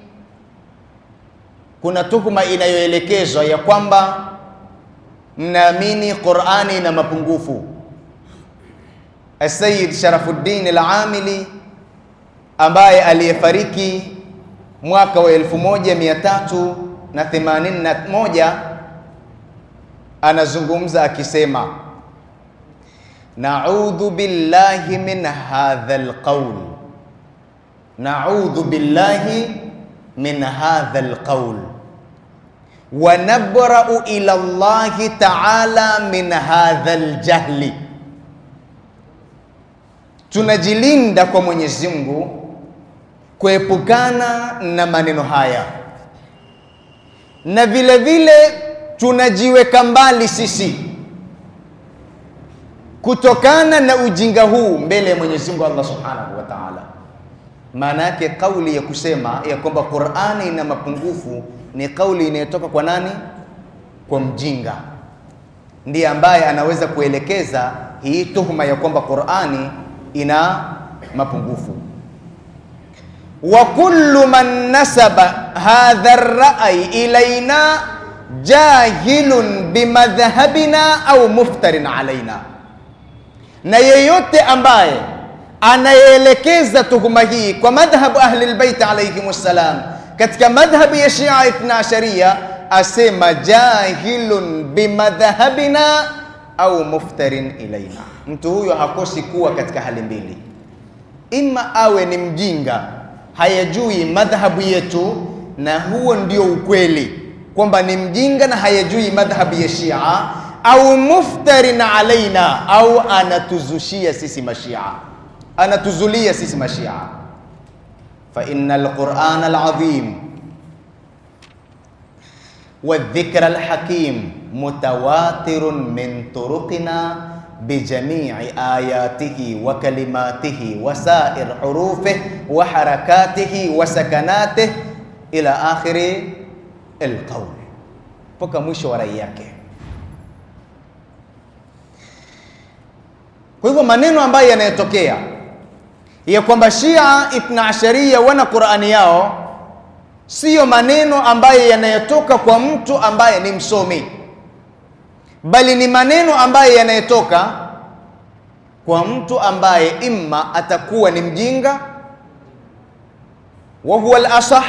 kuna tuhuma inayoelekezwa ya kwamba mnaamini Qur'ani na mapungufu. Asayid Sharafuddin al-Amili ambaye aliyefariki mwaka wa 1300 na themanini na moja anazungumza akisema, naudhu billahi min hadha alqawl, naudhu billahi min hadha alqawl wa nabrau ila Allahi taala min hadha aljahli, tunajilinda kwa Mwenyezi Mungu kuepukana na maneno haya na vile vile tunajiweka mbali sisi kutokana na ujinga huu mbele ya Mwenyezi Mungu Allah Subhanahu wa Ta'ala. Maana yake kauli ya kusema ya kwamba Qur'ani ina mapungufu ni kauli inayotoka kwa nani? Kwa mjinga, ndiye ambaye anaweza kuelekeza hii tuhuma ya kwamba Qur'ani ina mapungufu. وكل من نسب هذا الرأي إلينا jahil bimadhhabina au muftarin alaina, na yeyote ambaye anayeelekeza tuhuma hii kwa madhhabu ahli lbeiti alayhim ssalam, katika madhhabu ya Shia Ithna Asharia, asema jahilun bimadhhabina au muftarin ilaina. Mtu huyo hakosi kuwa katika hali mbili, ima awe ni mjinga hayajui madhhabu yetu, na huo ndio ukweli kwamba ni mjinga na hayajui madhhabu ya Shia, au muftarin alaina, au anatuzushia sisi mashia, anatuzulia sisi mashia. Fa innal Qur'an al-azim wa dhikra al-hakim mutawatirun min turuqina bijamii ayatihi wa kalimatihi wa sair hurufihi wa harakatihi wa sakanatihi ila akhiri alqaul, mpaka mwisho wa rai yake. Kwa hivyo maneno ambayo yanayotokea ya kwamba Shia Ithna Ashariya wana Qurani yao siyo maneno ambayo yanayotoka kwa mtu ambaye ni msomi bali ni maneno ambayo yanayetoka kwa mtu ambaye imma atakuwa ni mjinga wa huwa al-asah,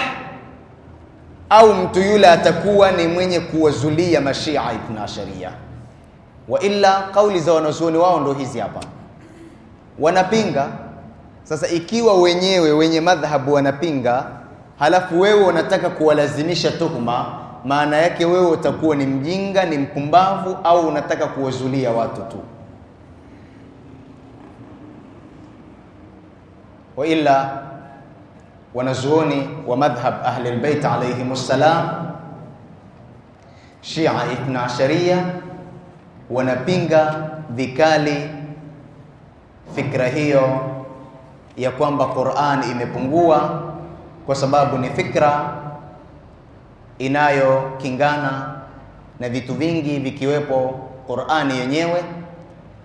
au mtu yule atakuwa ni mwenye kuwazulia mashia Ibn Asharia. Wa illa kauli za wanazuoni wao ndo hizi hapa, wanapinga sasa. Ikiwa wenyewe wenye madhhabu wanapinga, halafu wewe unataka kuwalazimisha tuhuma maana yake wewe utakuwa ni mjinga, ni mpumbavu, au unataka kuwazulia watu tu. Wa ila wanazuoni wa madhhab ahli albayt alayhim assalam, Shia Ithna Asharia wanapinga vikali fikra hiyo ya kwamba Qur'an imepungua kwa sababu ni fikra inayokingana na vitu vingi vikiwepo Qur'ani yenyewe.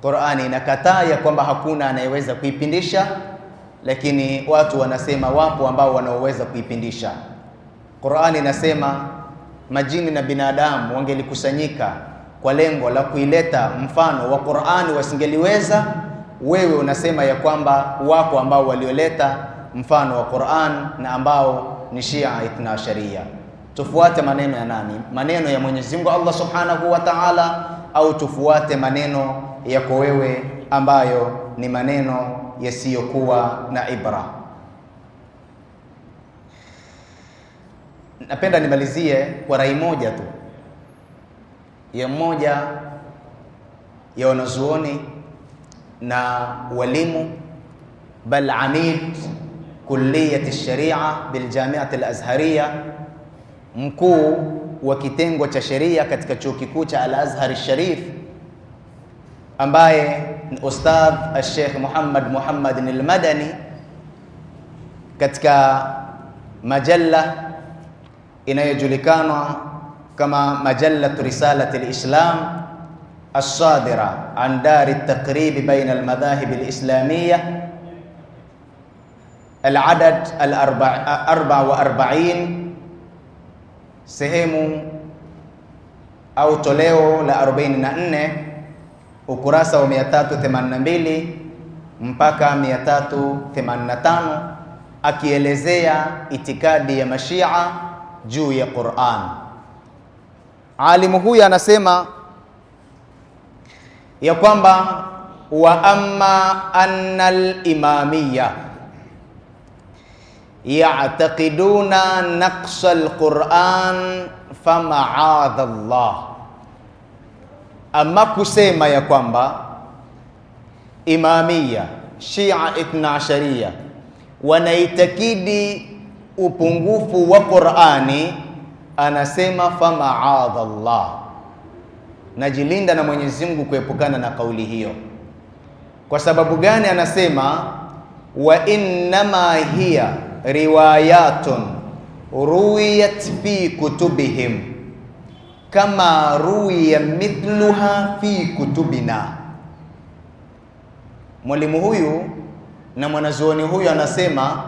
Qur'ani inakataa ya kwamba hakuna anayeweza kuipindisha, lakini watu wanasema wapo ambao wanaoweza kuipindisha. Qur'ani inasema majini na binadamu wangelikusanyika kwa lengo la kuileta mfano wa Qur'ani, wasingeliweza. Wewe unasema ya kwamba wapo ambao walioleta mfano wa Qur'an na ambao ni Shia Ithna Sharia tufuate maneno ya nani? Maneno ya Mwenyezi Mungu Allah Subhanahu wa Ta'ala, au tufuate maneno yako wewe ambayo ni maneno yasiyokuwa na ibra. Napenda nimalizie kwa rai moja tu ya mmoja ya wanazuoni na walimu bal amid kulliyat sharia biljamiat alazhariya al azhariya mkuu wa kitengo cha sheria katika chuo kikuu cha Al-Azhar Sharif ambaye ni Ustadh Sheikh Muhammad Muhammad Al-Madani katika majalla inayojulikana kama majallatu Risalat al-Islam الصادرة عن دار التقريب بين المذاهب الإسلامية العدد الأربع أربع وأربعين sehemu au toleo la 44 ukurasa wa 382 mpaka 385 akielezea itikadi ya mashia juu ya Qur'an. Alimu huyu anasema ya kwamba wa amma anna al ya'taqiduna naqsal Qur'an famaadallah. Ama kusema ya kwamba Imamia Shia Ithna Asharia wanaitakidi upungufu wa Qur'ani, anasema famaadallah, najilinda na Mwenyezi Mungu kuepukana na kauli hiyo. Kwa sababu gani? Anasema wa innama hiya riwayatun ruwiyat fi kutubihim kama ruwiya mithluha fi kutubina. Mwalimu huyu na mwanazuoni huyu anasema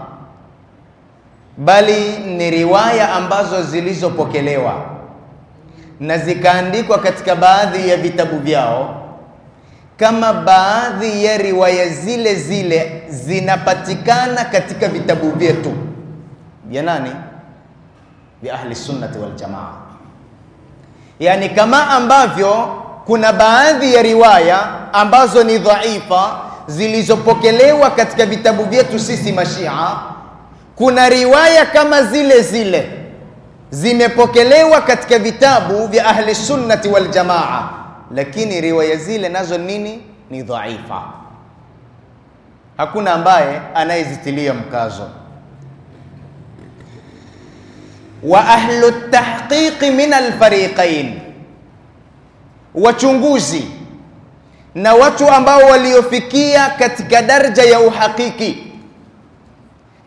bali ni riwaya ambazo zilizopokelewa na zikaandikwa katika baadhi ya vitabu vyao kama baadhi ya riwaya zile zile zinapatikana katika vitabu vyetu vya nani? Vya ahli sunnati wal jamaa. Yani kama ambavyo kuna baadhi ya riwaya ambazo ni dhaifa zilizopokelewa katika vitabu vyetu sisi Mashia, kuna riwaya kama zile zile zimepokelewa katika vitabu vya ahli sunnati wal jamaa lakini riwaya zile nazo nini ni dhaifa hakuna ambaye anayezitilia mkazo wa ahlu tahqiqi min alfariqain wachunguzi na watu ambao waliofikia katika daraja ya uhakiki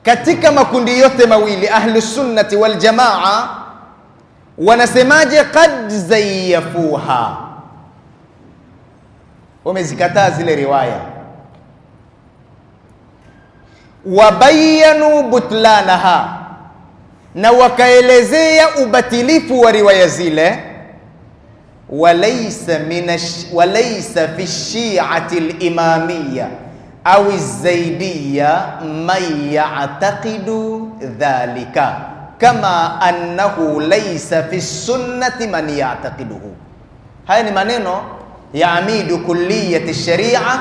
katika makundi yote mawili ahlu sunnati wal jamaa wanasemaje qad zayyafuha wamezikataa zile riwaya wabayanu butlanaha na wakaelezea ubatilifu wa riwaya zile walaisa minash, fi shi'ati limamiya au zaidiya man yatakidu dhalika kama annahu laisa fi sunnati man yatakiduhu. Haya ni maneno yaamidu كلية الشريعة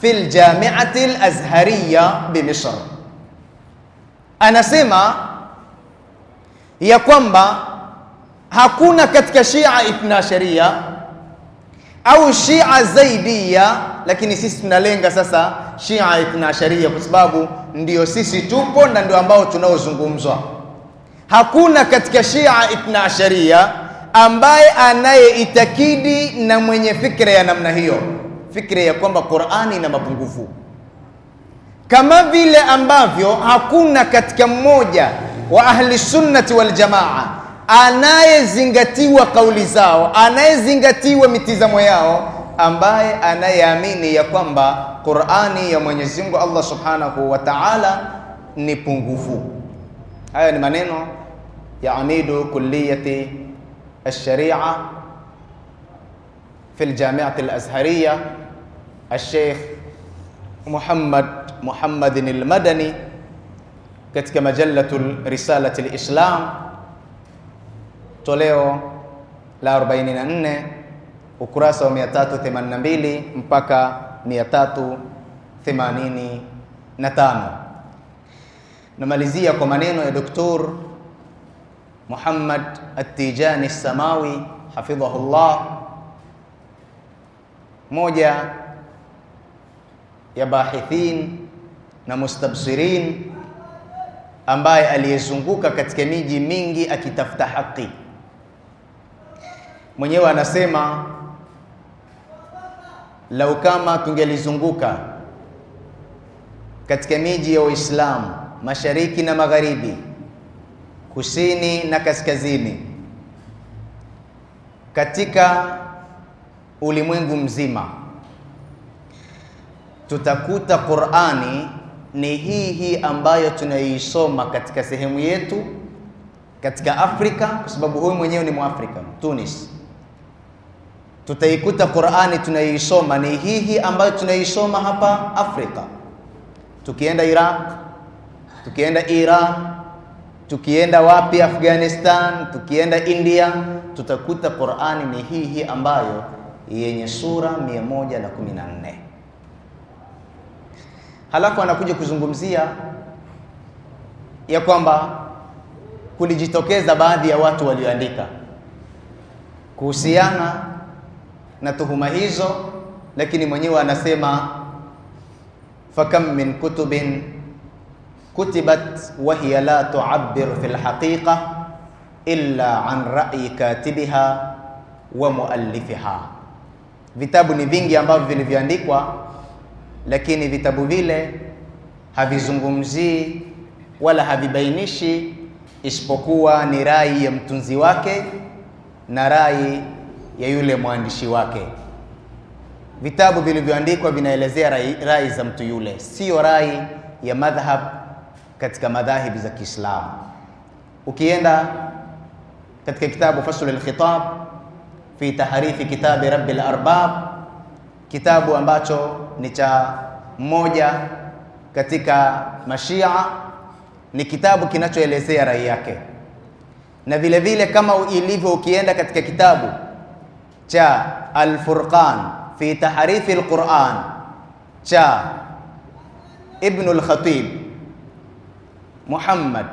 fi الجامعة lazhariya بمصر anasema ya kwamba hakuna katika shia itna sharia au shia zaidia lakini sisi tunalenga sasa shia itna sharia kwa sababu ndio sisi tupo na ndio ambao tunaozungumzwa hakuna katika shia itna sharia ambaye anayeitakidi na mwenye fikra ya namna hiyo, fikra ya kwamba Qur'ani ina mapungufu, kama vile ambavyo hakuna katika mmoja wa ahli sunnati wal jamaa anayezingatiwa kauli zao, anayezingatiwa mitizamo yao, ambaye anayeamini ya kwamba Qur'ani ya Mwenyezi Mungu Allah Subhanahu wa Ta'ala ni pungufu. haya ni maneno ya amidu kulliyati الشريعه في الجامعه الازهريه الشيخ محمد محمد المدني كتك مجله رساله الاسلام toleo وكراسة 44 ثمان wa 382 مياتاتو ثمانيني namalizia kwa maneno يا دكتور Muhammad At-Tijani Samawi hafidhahullah, moja ya bahithin na mustabsirin ambaye aliyezunguka katika miji mingi akitafuta haki. Mwenyewe anasema lau kama tungelizunguka katika miji ya Uislamu mashariki na magharibi kusini na kaskazini katika ulimwengu mzima tutakuta Qur'ani ni hii hii ambayo tunaisoma katika sehemu yetu katika Afrika, kwa sababu huyu mwenyewe ni Mwafrika Tunis. Tutaikuta Qur'ani tunaisoma ni hii hii ambayo tunaisoma hapa Afrika, tukienda Iraq, tukienda Iran Tukienda wapi? Afghanistan, tukienda India, tutakuta Qur'ani ni hii hii ambayo yenye sura 114. Halafu anakuja kuzungumzia ya kwamba kulijitokeza baadhi ya watu walioandika kuhusiana na tuhuma hizo, lakini mwenyewe anasema fakam min kutubin kutibat wa hiya la tu'abbir fil haqiqa illa an ra'i katibiha wa muallifiha. Vitabu ni vingi ambavyo vilivyoandikwa, lakini vitabu vile havizungumzii wala havibainishi isipokuwa ni rai ya mtunzi wake na rai ya yule mwandishi wake. Vitabu vilivyoandikwa vinaelezea rai, rai za mtu yule, siyo rai ya madhhab katika madhahibi za Kiislamu. Ukienda katika kitabu fasl lkhitab fi tahrithi kitabi Rabbil Arbab, kitabu ambacho ni cha mmoja katika mashia, ni kitabu kinachoelezea rai yake, na vile vile kama ilivyo, ukienda katika kitabu cha alfurqan fi tahrithi lquran quran cha Ibn al Muhammad,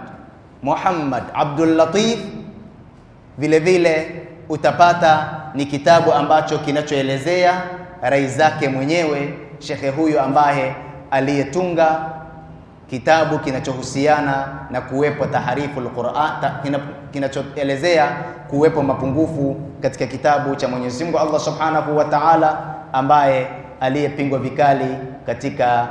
Muhammad Abdul Latif. Vile vile utapata ni kitabu ambacho kinachoelezea rai zake mwenyewe shekhe huyo ambaye aliyetunga kitabu kinachohusiana na kuwepo taharifu alquran kinachoelezea kuwepo mapungufu katika kitabu cha Mwenyezi Mungu Allah Subhanahu wa Ta'ala ambaye aliyepingwa vikali katika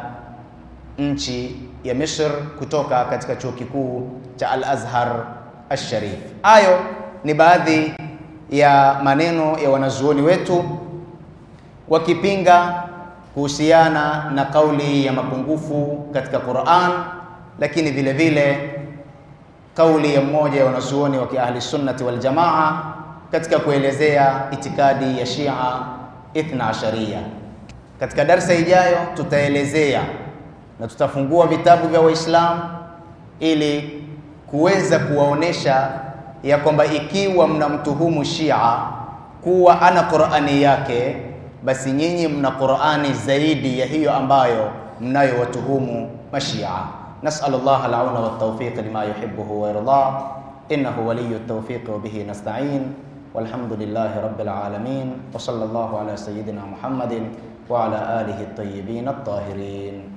nchi ya Misr kutoka katika chuo kikuu cha Al-Azhar Al-Sharif. Hayo ni baadhi ya maneno ya wanazuoni wetu wakipinga kuhusiana na kauli ya mapungufu katika Qur'an, lakini vile vile kauli ya mmoja ya wanazuoni wa Ahli Sunnati wal Jamaa katika kuelezea itikadi ya Shia Ithna Katika darsa ijayo tutaelezea na tutafungua vitabu vya Waislamu ili kuweza kuwaonesha ya kwamba ikiwa mnamtuhumu Shia kuwa ana Qur'ani yake, basi nyinyi mna Qur'ani zaidi ya hiyo ambayo mnayowatuhumu Mashia. Nas'al Allah al-auna wa tawfiq lima yuhibbuhu wa yarda innahu waliyyu tawfiq wa bihi nasta'in walhamdulillahi rabbil alamin wa sallallahu ala sayyidina Muhammadin wa ala alihi